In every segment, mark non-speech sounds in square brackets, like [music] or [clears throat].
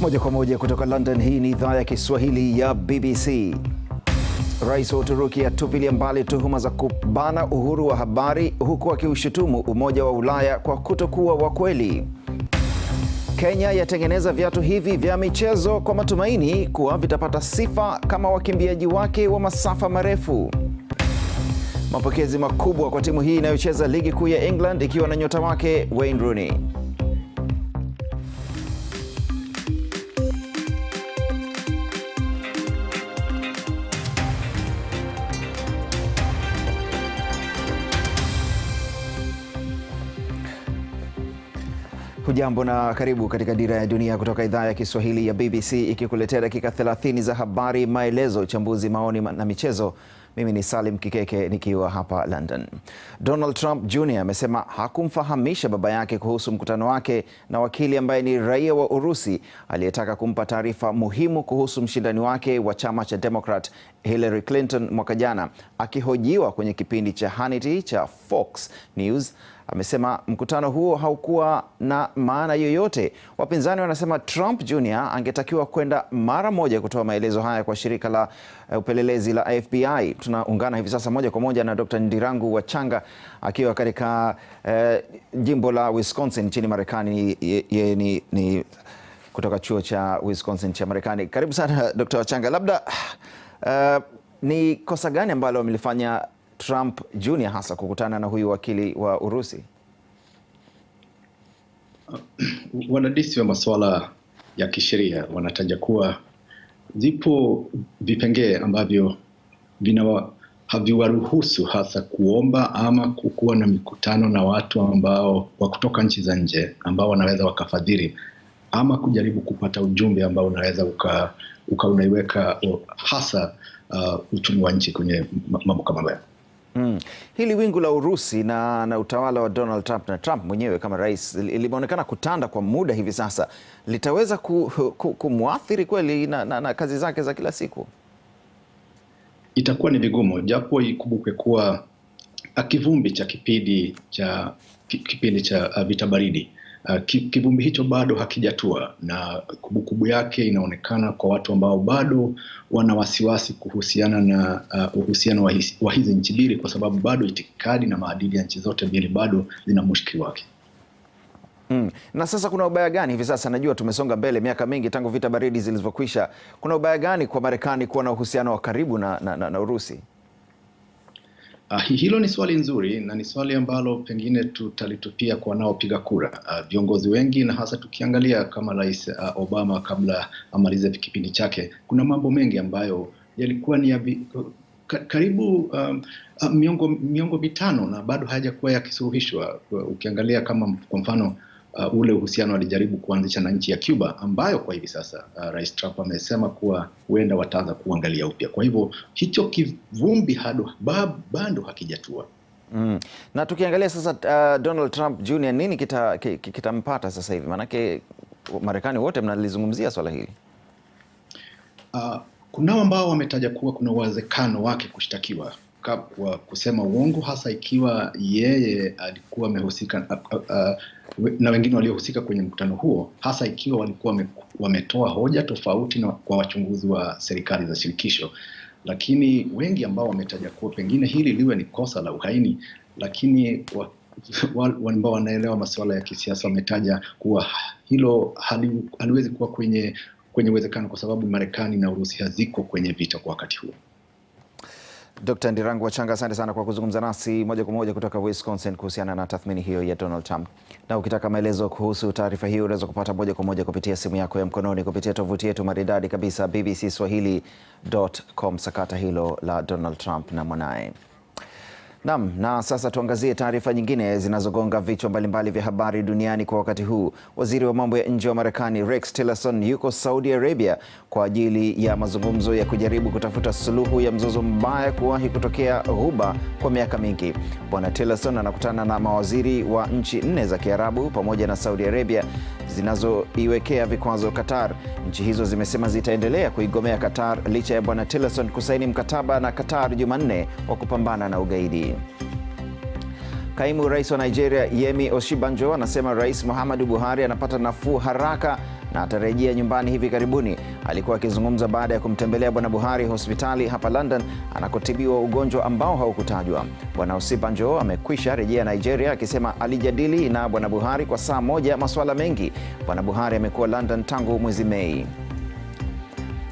Moja kwa moja kutoka London, hii ni idhaa ya Kiswahili ya BBC. Rais wa Uturuki atupilia mbali tuhuma za kubana uhuru wa habari huku akiushutumu Umoja wa Ulaya kwa kutokuwa wa kweli. Kenya yatengeneza viatu hivi vya michezo kwa matumaini kuwa vitapata sifa kama wakimbiaji wake wa masafa marefu. Mapokezi makubwa kwa timu hii inayocheza ligi kuu ya England ikiwa na nyota wake Wayne Rooney. Hujambo na karibu katika Dira ya Dunia kutoka idhaa ya Kiswahili ya BBC ikikuletea dakika 30 za habari, maelezo, uchambuzi, maoni na michezo. Mimi ni Salim Kikeke nikiwa hapa London. Donald Trump Jr amesema hakumfahamisha baba yake kuhusu mkutano wake na wakili ambaye ni raia wa Urusi aliyetaka kumpa taarifa muhimu kuhusu mshindani wake wa chama cha Democrat Hillary Clinton mwaka jana, akihojiwa kwenye kipindi cha Hannity cha Fox News amesema mkutano huo haukuwa na maana yoyote. Wapinzani wanasema Trump Jr angetakiwa kwenda mara moja kutoa maelezo haya kwa shirika la eh, upelelezi la FBI. Tunaungana hivi sasa moja kwa moja na Dr. Ndirangu Wachanga akiwa katika eh, jimbo la Wisconsin nchini Marekani. Yeye ni, ni kutoka chuo cha Wisconsin cha Marekani. Karibu sana Dr. Wachanga, labda uh, ni kosa gani ambalo wamelifanya Trump Jr hasa kukutana na huyu wakili wa Urusi? [clears throat] Wadadisi wa masuala ya kisheria wanataja kuwa zipo vipengee ambavyo vina haviwaruhusu hasa kuomba ama kukuwa na mikutano na watu ambao wa kutoka nchi za nje ambao wanaweza wakafadhili ama kujaribu kupata ujumbe ambao unaweza uka, uka unaiweka hasa uh, uchumi wa nchi kwenye mambo kama hayo. Hmm. Hili wingu la Urusi na, na utawala wa Donald Trump na Trump mwenyewe kama rais limeonekana kutanda kwa muda hivi sasa, litaweza kumwathiri ku, ku kweli na, na, na kazi zake za kila siku? Itakuwa ni vigumu, japo ikumbukwe kuwa kivumbi cha kipindi cha kipindi cha vita baridi Uh, kivumbi hicho bado hakijatua na kubukubu yake inaonekana kwa watu ambao bado wana wasiwasi kuhusiana na uh, uhusiano wa hizi nchi mbili, kwa sababu bado itikadi na maadili ya nchi zote mbili bado zina mushki wake. Hmm. Na sasa kuna ubaya gani hivi sasa? Najua tumesonga mbele miaka mingi tangu vita baridi zilivyokwisha. Kuna ubaya gani kwa Marekani kuwa na uhusiano wa karibu na, na, na, na Urusi? Uh, hilo ni swali nzuri na ni swali ambalo pengine tutalitupia kwa wanaopiga kura. Uh, viongozi wengi na hasa tukiangalia kama Rais uh, Obama kabla amalize kipindi chake, kuna mambo mengi ambayo yalikuwa ni ya karibu um, miongo miongo mitano na bado hayajakuwa yakisuluhishwa. Ukiangalia kama kwa mfano uh, ule uhusiano alijaribu kuanzisha na nchi ya Cuba ambayo kwa hivi sasa uh, Rais Trump amesema kuwa huenda wataanza kuangalia upya. Kwa hivyo hicho kivumbi hado bado hakijatua. Mm. Na tukiangalia sasa uh, Donald Trump Jr nini kitampata kita, kita sasa hivi, maanake Marekani wote mnalizungumzia swala hili uh, kunao ambao wametaja kuwa kuna uwezekano wake kushtakiwa kwa kusema uongo, hasa ikiwa yeye alikuwa amehusika uh, uh, na wengine waliohusika kwenye mkutano huo, hasa ikiwa walikuwa wametoa hoja tofauti na kwa wachunguzi wa serikali za shirikisho. Lakini wengi ambao wametaja kuwa pengine hili liwe ni kosa la uhaini, lakini wa, ambao wanaelewa masuala ya kisiasa wametaja kuwa hilo haliwezi kuwa kwenye kwenye uwezekano kwa sababu Marekani na Urusi haziko kwenye vita kwa wakati huo. Dr. Ndirangu Wachanga, asante sana kwa kuzungumza nasi moja kwa moja kutoka Wisconsin kuhusiana na tathmini hiyo ya Donald Trump. Na ukitaka maelezo kuhusu taarifa hiyo unaweza kupata moja kwa moja kupitia simu yako ya mkononi kupitia tovuti yetu maridadi kabisa bbcswahili.com, sakata hilo la Donald Trump na mwanaye. Naam, na sasa tuangazie taarifa nyingine zinazogonga vichwa mbalimbali vya habari duniani kwa wakati huu. Waziri wa mambo ya nje wa Marekani Rex Tillerson yuko Saudi Arabia kwa ajili ya mazungumzo ya kujaribu kutafuta suluhu ya mzozo mbaya kuwahi kutokea Ghuba kwa miaka mingi. Bwana Tillerson anakutana na mawaziri wa nchi nne za Kiarabu pamoja na Saudi Arabia zinazoiwekea vikwazo Qatar. Nchi hizo zimesema zitaendelea kuigomea Qatar licha ya Bwana Tillerson kusaini mkataba na Qatar Jumanne wa kupambana na ugaidi. Kaimu rais wa Nigeria Yemi Oshibanjo anasema Rais Muhammadu Buhari anapata nafuu haraka na atarejea nyumbani hivi karibuni. Alikuwa akizungumza baada ya kumtembelea Bwana Buhari hospitali hapa London anakotibiwa ugonjwa ambao haukutajwa. Bwana Osibanjo amekwisha rejea Nigeria akisema alijadili na Bwana Buhari kwa saa moja masuala mengi. Bwana Buhari amekuwa London tangu mwezi Mei.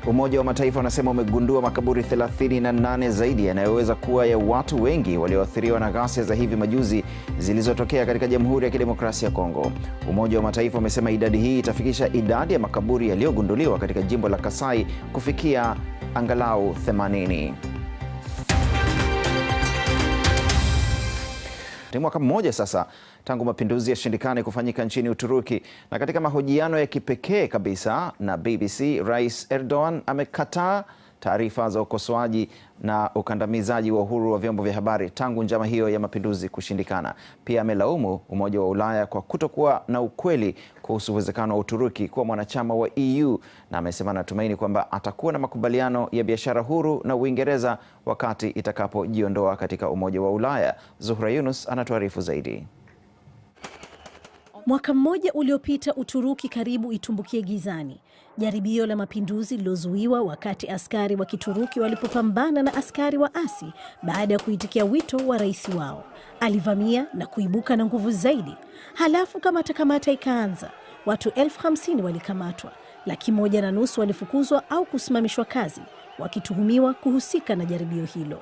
Umoja wa Mataifa unasema umegundua makaburi 38 zaidi yanayoweza kuwa ya watu wengi walioathiriwa na ghasia za hivi majuzi zilizotokea katika Jamhuri ya Kidemokrasia ya Kongo. Umoja wa Mataifa umesema idadi hii itafikisha idadi ya makaburi yaliyogunduliwa katika jimbo la Kasai kufikia angalau 80. Ni mwaka mmoja sasa tangu mapinduzi yashindikane kufanyika nchini Uturuki, na katika mahojiano ya kipekee kabisa na BBC, Rais Erdogan amekataa taarifa za ukosoaji na ukandamizaji wa uhuru wa vyombo vya habari tangu njama hiyo ya mapinduzi kushindikana. Pia amelaumu Umoja wa Ulaya kwa kutokuwa na ukweli kuhusu uwezekano wa Uturuki kuwa mwanachama wa EU na amesema anatumaini kwamba atakuwa na makubaliano ya biashara huru na Uingereza wakati itakapojiondoa katika Umoja wa Ulaya. Zuhra Yunus anatuarifu zaidi. Mwaka mmoja uliopita Uturuki karibu itumbukie gizani. Jaribio la mapinduzi lilozuiwa wakati askari wa Kituruki walipopambana na askari wa asi baada ya kuitikia wito wa rais wao. Alivamia na kuibuka na nguvu zaidi. Halafu kamata ikaanza. Watu elfu hamsini walikamatwa, laki moja na nusu walifukuzwa au kusimamishwa kazi wakituhumiwa kuhusika na jaribio hilo.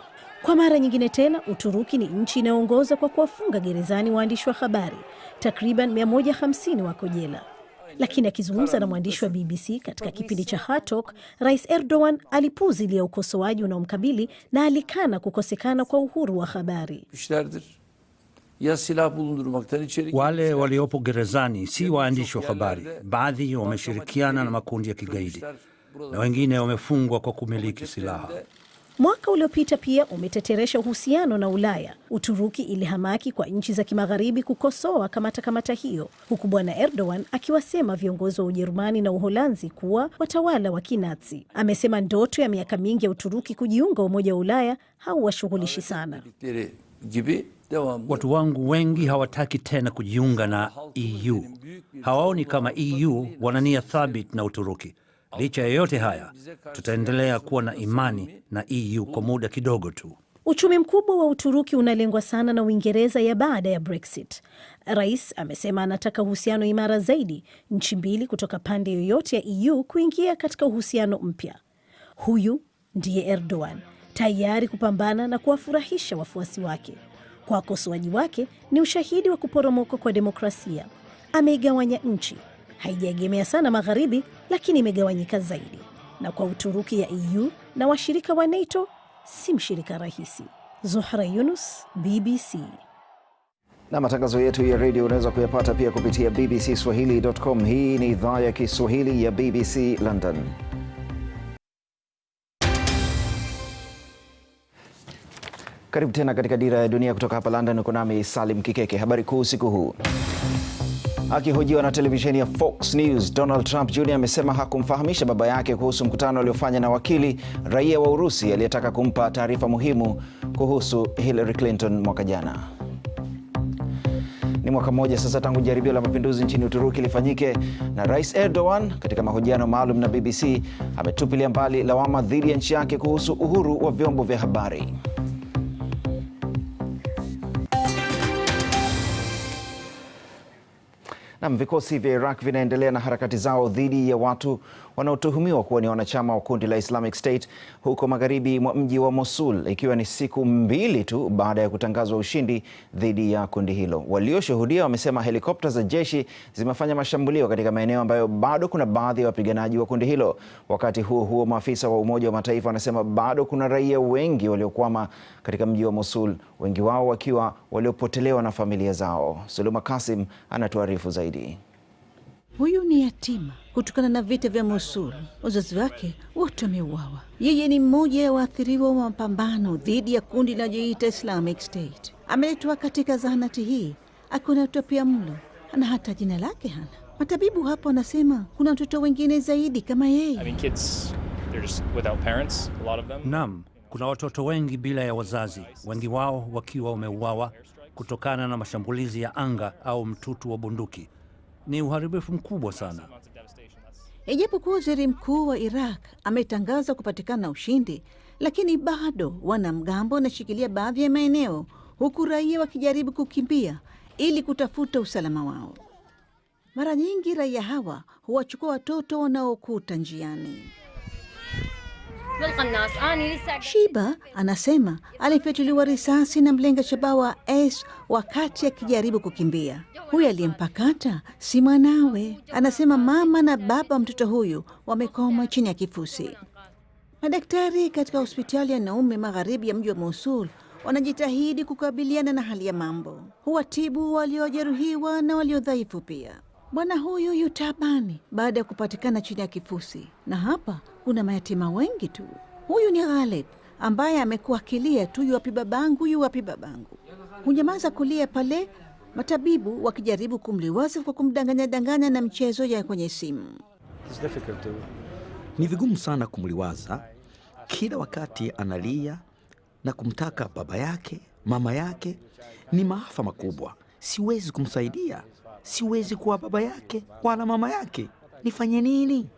Kwa mara nyingine tena, Uturuki ni nchi inayoongoza kwa kuwafunga gerezani waandishi wa habari takriban 150 wako jela. Lakini akizungumza na mwandishi wa BBC katika kipindi cha Hatok, Rais Erdogan alipuuzilia ukosoaji unaomkabili na alikana kukosekana kwa uhuru wa habari. Wale waliopo gerezani si waandishi wa habari, baadhi wameshirikiana na makundi ya kigaidi na wengine wamefungwa kwa kumiliki silaha. Mwaka uliopita pia umeteteresha uhusiano na Ulaya. Uturuki ilihamaki kwa nchi za kimagharibi kukosoa kamata kamata hiyo, huku bwana Erdogan akiwasema viongozi wa Ujerumani na Uholanzi kuwa watawala wa Kinazi. Amesema ndoto ya miaka mingi ya Uturuki kujiunga Umoja wa Ulaya hauwashughulishi sana. Watu wangu wengi hawataki tena kujiunga na EU, hawaoni kama EU wana nia thabiti na Uturuki. Licha ya yote haya, tutaendelea kuwa na imani na EU kwa muda kidogo tu. Uchumi mkubwa wa Uturuki unalengwa sana na Uingereza ya baada ya Brexit. Rais amesema anataka uhusiano imara zaidi, nchi mbili kutoka pande yoyote ya EU kuingia katika uhusiano mpya. Huyu ndiye Erdogan, tayari kupambana na kuwafurahisha wafuasi wake. Kwa wakosoaji wake ni ushahidi wa kuporomoka kwa demokrasia. Ameigawanya nchi haijaegemea sana magharibi, lakini imegawanyika zaidi, na kwa Uturuki ya EU na washirika wa NATO si mshirika rahisi. Zuhra Yunus, BBC. Na matangazo yetu ya redio unaweza kuyapata pia kupitia bbc swahilicom Hii ni idhaa ya Kiswahili ya BBC London. Karibu tena katika Dira ya Dunia kutoka hapa London. Uko nami Salim Kikeke. Habari kuu usiku huu Akihojiwa na televisheni ya Fox News, Donald Trump Jr amesema hakumfahamisha baba yake kuhusu mkutano aliofanya na wakili raia wa Urusi aliyetaka kumpa taarifa muhimu kuhusu Hillary Clinton mwaka jana. Ni mwaka mmoja sasa tangu jaribio la mapinduzi nchini Uturuki lifanyike, na Rais Erdogan katika mahojiano maalum na BBC ametupilia mbali lawama dhidi ya nchi yake kuhusu uhuru wa vyombo vya habari. Nam, vikosi vya Iraq vinaendelea na harakati zao dhidi ya watu wanaotuhumiwa kuwa ni wanachama wa kundi la Islamic State huko magharibi mwa mji wa Mosul, ikiwa ni siku mbili tu baada ya kutangazwa ushindi dhidi ya kundi hilo. Walioshuhudia wamesema helikopta za jeshi zimefanya mashambulio katika maeneo ambayo bado kuna baadhi ya wapiganaji wa kundi hilo. Wakati huo huo, maafisa wa Umoja wa Mataifa wanasema bado kuna raia wengi waliokwama katika mji wa Mosul wengi wao wakiwa waliopotelewa na familia zao. Suluma Kasim anatuarifu zaidi. Huyu ni yatima kutokana na vita vya Mosul. Wazazi wake wote wameuawa. Yeye ni mmoja ya waathiriwa wa mapambano dhidi ya kundi linalojiita Islamic State. Ameletwa katika zahanati hii akiwa na utapia mlo na hata jina lake hana. Matabibu hapo wanasema kuna watoto wengine zaidi kama yeye. I mean, kids, they're just without parents, a lot of them. Naam, kuna watoto wengi bila ya wazazi, wengi wao wakiwa wameuawa kutokana na mashambulizi ya anga au mtutu wa bunduki. Ni uharibifu mkubwa sana. Ijapokuwa waziri mkuu wa Iraq ametangaza kupatikana ushindi, lakini bado wanamgambo wanashikilia baadhi ya maeneo, huku raia wakijaribu kukimbia ili kutafuta usalama wao. Mara nyingi raia hawa huwachukua watoto wanaokuta njiani. Shiba anasema alifyatuliwa risasi na mlenga shabaha S wakati akijaribu kukimbia. Huyu aliyempakata si mwanawe. Anasema mama na baba mtoto huyu wamekoma chini ya kifusi. Madaktari katika hospitali ya Naume magharibi ya mji wa Mosul wanajitahidi kukabiliana na hali ya mambo, huwatibu waliojeruhiwa na waliodhaifu pia. Bwana huyu yutabani baada ya kupatikana chini ya kifusi, na hapa kuna mayatima wengi tu. Huyu ni Ghalib ambaye amekuwa akilia tu, yuwapi babangu, yuwapi babangu. Hunyamaza kulia pale matabibu wakijaribu kumliwaza kwa kumdanganyadanganya na mchezo ya kwenye simu. Ni vigumu sana kumliwaza, kila wakati analia na kumtaka baba yake, mama yake. Ni maafa makubwa, siwezi kumsaidia, siwezi kuwa baba yake wala mama yake. Nifanye nini?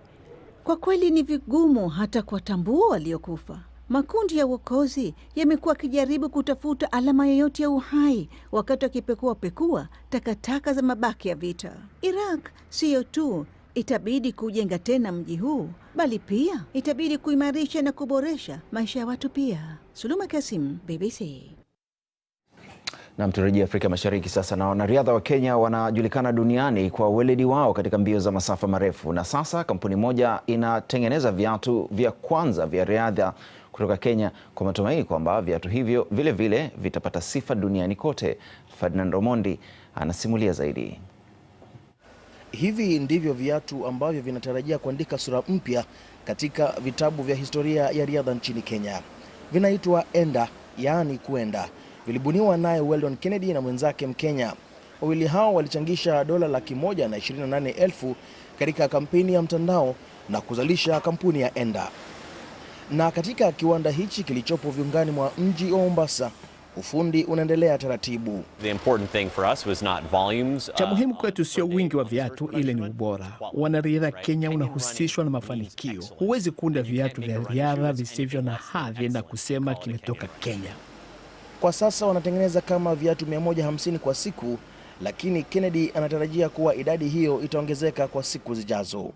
Kwa kweli ni vigumu hata kuwatambua waliokufa. Makundi ya uokozi yamekuwa akijaribu kutafuta alama yoyote ya uhai wakati wakipekua pekua takataka za mabaki ya vita. Iraq siyo tu itabidi kujenga tena mji huu, bali pia itabidi kuimarisha na kuboresha maisha ya watu pia. Suluma Kasim, BBC. Na mturejia Afrika Mashariki sasa, na wanariadha wa Kenya wanajulikana duniani kwa weledi wao katika mbio za masafa marefu, na sasa kampuni moja inatengeneza viatu vya kwanza vya riadha kutoka Kenya kwa matumaini kwamba viatu hivyo vile vile vitapata sifa duniani kote. Ferdinand Omondi anasimulia zaidi. Hivi ndivyo viatu ambavyo vinatarajia kuandika sura mpya katika vitabu vya historia ya riadha nchini Kenya. Vinaitwa Enda, yaani kuenda vilibuniwa naye Weldon Kennedy na mwenzake Mkenya. Wawili hao walichangisha dola laki moja na ishirini na nane elfu katika kampeni ya mtandao na kuzalisha kampuni ya Enda. Na katika kiwanda hichi kilichopo viungani mwa mji wa Mombasa, ufundi unaendelea taratibu. Cha uh, muhimu kwetu sio wingi wa viatu, ile ni ubora. Wanariadha Kenya unahusishwa na mafanikio. Huwezi kuunda viatu vya riadha visivyo na hadhi na kusema kimetoka Kenya. Kwa sasa wanatengeneza kama viatu 150 kwa siku, lakini Kennedy anatarajia kuwa idadi hiyo itaongezeka kwa siku zijazo.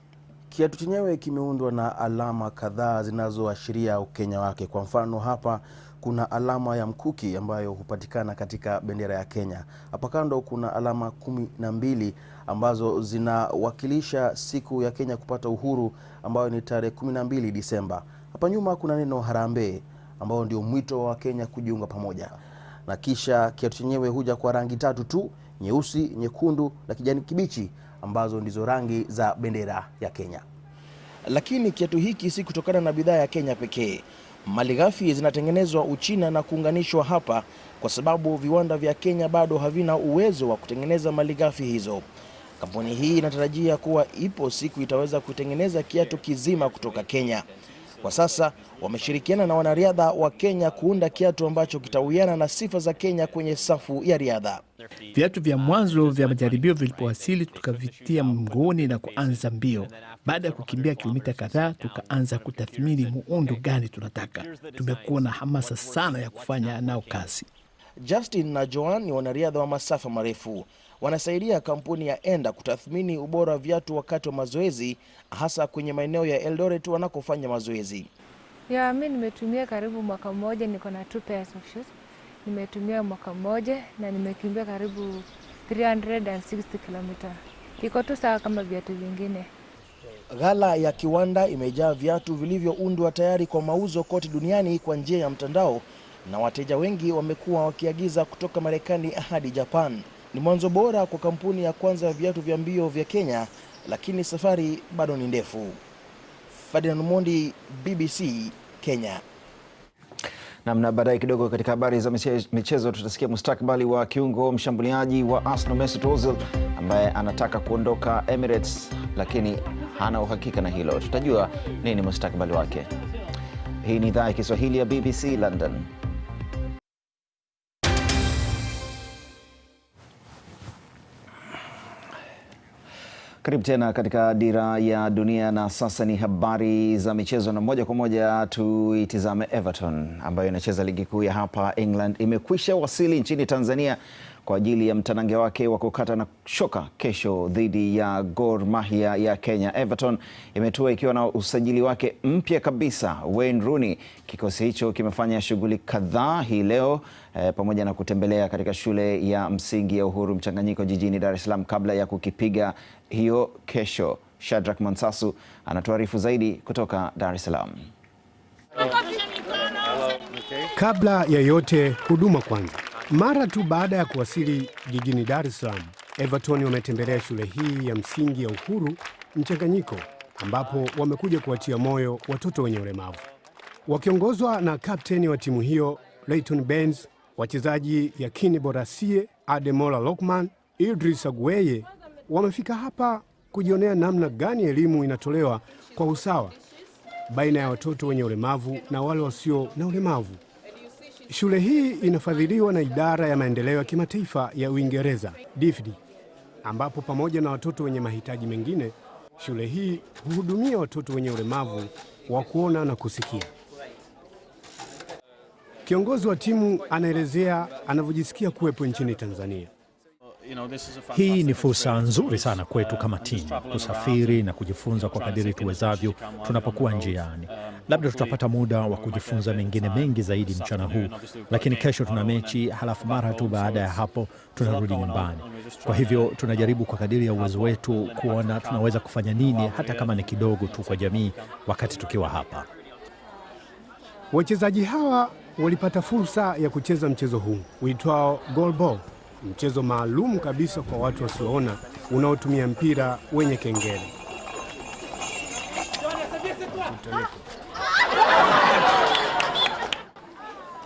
Kiatu chenyewe kimeundwa na alama kadhaa zinazoashiria ukenya wake. Kwa mfano, hapa kuna alama ya mkuki ambayo hupatikana katika bendera ya Kenya. Hapa kando kuna alama kumi na mbili ambazo zinawakilisha siku ya Kenya kupata uhuru ambayo ni tarehe kumi na mbili Disemba. Hapa nyuma kuna neno harambee ambao ndio mwito wa Kenya kujiunga pamoja, na kisha kiatu chenyewe huja kwa rangi tatu tu, nyeusi, nyekundu na kijani kibichi, ambazo ndizo rangi za bendera ya Kenya. Lakini kiatu hiki si kutokana na bidhaa ya Kenya pekee. Malighafi zinatengenezwa Uchina na kuunganishwa hapa, kwa sababu viwanda vya Kenya bado havina uwezo wa kutengeneza malighafi hizo. Kampuni hii inatarajia kuwa ipo siku itaweza kutengeneza kiatu kizima kutoka Kenya. Kwa sasa wameshirikiana na wanariadha wa Kenya kuunda kiatu ambacho kitawiana na sifa za Kenya kwenye safu ya riadha. Viatu vya mwanzo vya majaribio vilipowasili, tukavitia mguuni na kuanza mbio. Baada ya kukimbia kilomita kadhaa, tukaanza kutathmini muundo gani tunataka. Tumekuwa na hamasa sana ya kufanya nao kazi. Justin na Joan ni wanariadha wa masafa marefu wanasaidia kampuni ya Enda kutathmini ubora wa viatu wakati wa mazoezi, hasa kwenye maeneo ya Eldoret wanakofanya mazoezi. Yeah, mi nimetumia karibu mwaka mmoja, niko na two pairs of shoes. Nimetumia mwaka mmoja na nimekimbia karibu 360 km. Iko tu sawa kama viatu vingine. Ghala ya Kiwanda imejaa viatu vilivyoundwa tayari kwa mauzo kote duniani kwa njia ya mtandao na wateja wengi wamekuwa wakiagiza kutoka Marekani hadi Japan. Ni mwanzo bora kwa kampuni ya kwanza ya viatu vya mbio vya Kenya, lakini safari bado ni ndefu. Ferdinand Mondi, BBC Kenya. Namna baadaye kidogo katika habari za michezo tutasikia mustakabali wa kiungo mshambuliaji wa Arsenal Mesut Ozil ambaye anataka kuondoka Emirates, lakini hana uhakika na hilo. Tutajua nini mustakabali wake. Hii ni idhaa ya Kiswahili ya BBC London. Karibu tena katika Dira ya Dunia, na sasa ni habari za michezo, na moja kwa moja tuitizame Everton ambayo inacheza ligi kuu ya hapa England. Imekwisha wasili nchini Tanzania kwa ajili ya mtanange wake wa kukata na shoka kesho dhidi ya Gor Mahia ya Kenya. Everton imetua ikiwa na usajili wake mpya kabisa Wayne Rooney. Kikosi hicho kimefanya shughuli kadhaa hii leo eh, pamoja na kutembelea katika shule ya msingi ya Uhuru Mchanganyiko jijini Dar es Salaam kabla ya kukipiga hiyo kesho. Shadrack Mansasu anatuarifu zaidi kutoka Dar es Salaam. Kabla ya yote, huduma kwanza. Mara tu baada ya kuwasili jijini Dar es Salaam, Everton wametembelea shule hii ya msingi ya Uhuru Mchanganyiko, ambapo wamekuja kuwatia moyo watoto wenye ulemavu. Wakiongozwa na kapteni wa timu hiyo Leighton Benz, wachezaji Yakini Borasie, Ademola Lokman, Idris agueye wamefika hapa kujionea namna gani elimu inatolewa kwa usawa baina ya watoto wenye ulemavu na wale wasio na ulemavu. Shule hii inafadhiliwa na idara ya maendeleo ya kimataifa ya Uingereza, DFID, ambapo pamoja na watoto wenye mahitaji mengine, shule hii huhudumia watoto wenye ulemavu wa kuona na kusikia. Kiongozi wa timu anaelezea anavyojisikia kuwepo nchini Tanzania. Hii ni fursa nzuri sana kwetu kama uh, timu kusafiri na kujifunza kwa kadiri tuwezavyo tunapokuwa njiani. Um, Labda tutapata muda wa kujifunza mengine mengi zaidi mchana huu, lakini kesho tuna mechi, halafu mara tu baada ya hapo tunarudi nyumbani. Kwa hivyo tunajaribu kwa kadiri ya uwezo wetu kuona tunaweza kufanya nini, hata kama ni kidogo tu kwa jamii wakati tukiwa hapa. Wachezaji hawa walipata fursa ya kucheza mchezo huu uitwao goalball mchezo maalum kabisa kwa watu wasioona unaotumia mpira wenye kengele.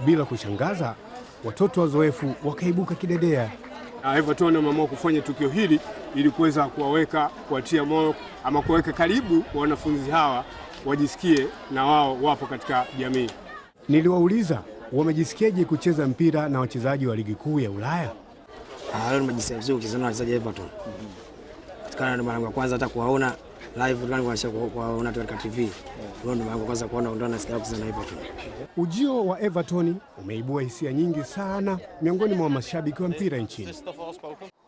Bila kushangaza, watoto wazoefu wakaibuka kidedea. Everton ah, wameamua kufanya tukio hili ili kuweza kuwaweka, kuwatia moyo ama kuwaweka karibu wanafunzi hawa wajisikie na wao wapo katika jamii. Niliwauliza wamejisikiaje kucheza mpira na wachezaji wa ligi kuu ya Ulaya. Ah, leo nimejisikia vizuri kucheza na wachezaji Everton. Kana ndio mara ya kwanza hata kuwaona live tulikuwa tunashia kuwaona katika TV. Leo ndio mara ya kwanza kuona ndio nasikia kucheza na Everton. Ujio wa Everton umeibua hisia nyingi sana miongoni mwa mashabiki wa mpira nchini.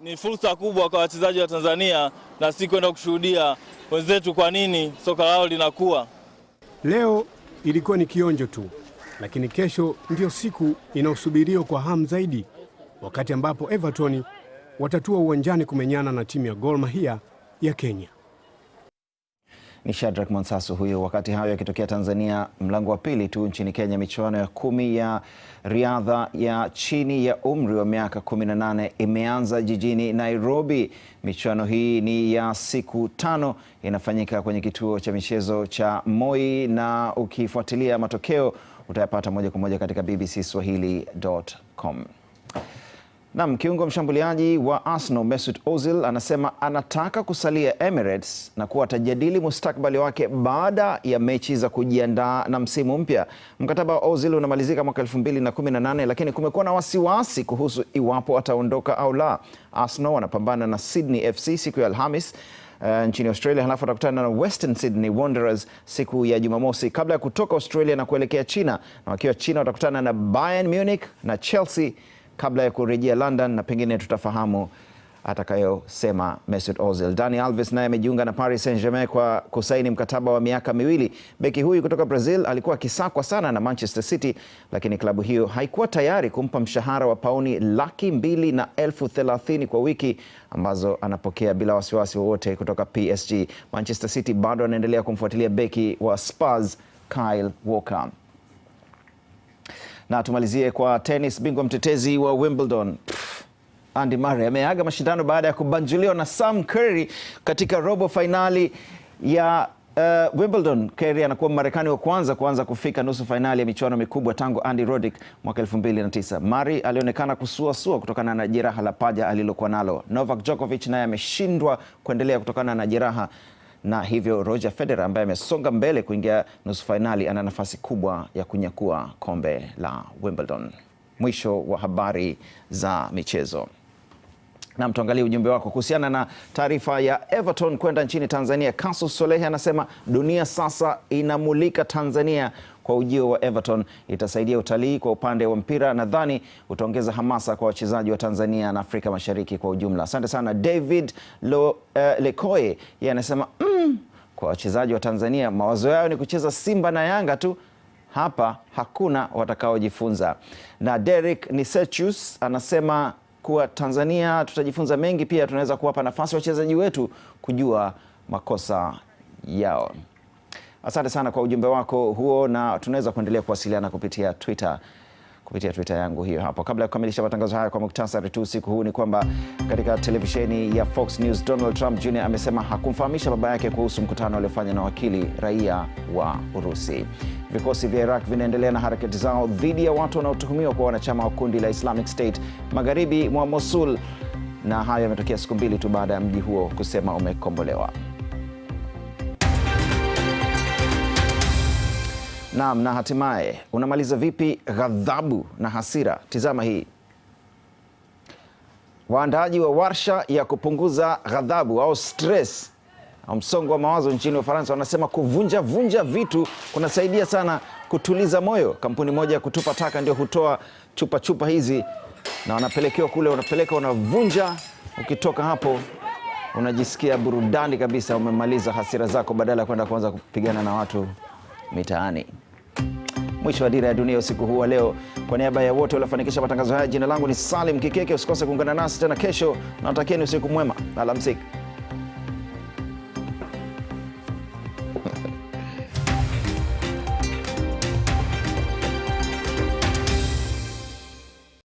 Ni fursa kubwa kwa wachezaji wa Tanzania na si kwenda kushuhudia wenzetu kwa nini soka lao linakuwa. Leo ilikuwa ni kionjo tu, lakini kesho ndio siku inayosubiriwa kwa hamu zaidi wakati ambapo Everton watatua uwanjani kumenyana na timu ya Gor Mahia ya Kenya. Ni Shadrack Monsasu huyo. Wakati hayo yakitokea Tanzania, mlango wa pili tu nchini Kenya, michuano ya kumi ya riadha ya chini ya umri wa miaka 18 imeanza jijini Nairobi. Michuano hii ni ya siku tano, inafanyika kwenye kituo cha michezo cha Moi, na ukifuatilia matokeo utayapata moja kwa moja katika bbcswahili.com. Naam, kiungo mshambuliaji wa Arsenal Mesut Ozil anasema anataka kusalia Emirates na kuwa atajadili mustakabali wake baada ya mechi za kujiandaa na msimu mpya. Mkataba wa Ozil unamalizika mwaka 2018 lakini kumekuwa na wasiwasi kuhusu iwapo ataondoka au la. Arsenal wanapambana na Sydney FC siku ya Alhamis Uh, nchini Australia halafu atakutana na Western Sydney Wanderers siku ya Jumamosi kabla ya kutoka Australia na kuelekea China, na wakiwa China watakutana na Bayern Munich na Chelsea kabla ya kurejea London na pengine tutafahamu atakayosema Mesut Ozil. Dani Alves naye amejiunga na Paris Saint-Germain kwa kusaini mkataba wa miaka miwili. Beki huyu kutoka Brazil alikuwa akisakwa sana na Manchester City, lakini klabu hiyo haikuwa tayari kumpa mshahara wa pauni laki mbili na elfu thelathini kwa wiki ambazo anapokea bila wasiwasi wowote kutoka PSG. Manchester City bado anaendelea kumfuatilia beki wa Spurs Kyle Walker. Na tumalizie kwa tenis. Bingwa mtetezi wa Wimbledon Andy Murray ameaga mashindano baada ya kubanjuliwa na Sam Curry katika robo fainali ya Uh, Wimbledon. Kerry anakuwa Marekani wa kwanza kuanza kufika nusu fainali ya michuano mikubwa tangu Andy Roddick mwaka 2009. Murray alionekana kusuasua kutokana na jeraha la paja alilokuwa nalo. Novak Djokovic naye ameshindwa kuendelea kutokana na jeraha na hivyo Roger Federer ambaye amesonga mbele kuingia nusu fainali ana nafasi kubwa ya kunyakua kombe la Wimbledon. Mwisho wa habari za michezo. Nam, tuangalie ujumbe wako kuhusiana na taarifa ya Everton kwenda nchini Tanzania. Kasu Solehe anasema dunia sasa inamulika Tanzania kwa ujio wa Everton, itasaidia utalii kwa upande wa mpira, nadhani utaongeza hamasa kwa wachezaji wa Tanzania na Afrika Mashariki kwa ujumla. Asante sana. David Lo, uh, Lekoe yeye anasema mm, kwa wachezaji wa Tanzania, mawazo yao ni kucheza Simba na Yanga tu, hapa hakuna watakaojifunza. Na Derek Nisechus anasema kuwa Tanzania tutajifunza mengi, pia tunaweza kuwapa nafasi wachezaji wetu kujua makosa yao. Asante sana kwa ujumbe wako huo, na tunaweza kuendelea kuwasiliana kupitia Twitter kupitia Twitter yangu hiyo hapo. Kabla ya kukamilisha matangazo haya kwa muktasari tu usiku huu, ni kwamba katika televisheni ya Fox News, Donald Trump Jr amesema hakumfahamisha baba yake kuhusu mkutano aliofanya na wakili raia wa Urusi. Vikosi vya Iraq vinaendelea na harakati zao dhidi ya watu wanaotuhumiwa kuwa wanachama wa kundi la Islamic State magharibi mwa Mosul, na hayo yametokea siku mbili tu baada ya mji huo kusema umekombolewa. Naam, na hatimaye unamaliza vipi ghadhabu na hasira? Tizama hii. Waandaaji wa warsha ya kupunguza ghadhabu au stress au msongo wa mawazo nchini Ufaransa wanasema kuvunja vunja vitu kunasaidia sana kutuliza moyo. Kampuni moja ya kutupa taka ndio hutoa chupa chupa hizi, na wanapelekewa kule, unapeleka unavunja, ukitoka hapo unajisikia burudani kabisa, umemaliza hasira zako, badala ya kwenda kuanza kupigana na watu mitaani mwisho wa Dira ya Dunia usiku huu wa leo. Kwa niaba ya wote waliofanikisha matangazo haya, jina langu ni Salim Kikeke. Usikose kuungana nasi tena kesho, watakieni usiku mwema na alamsiki.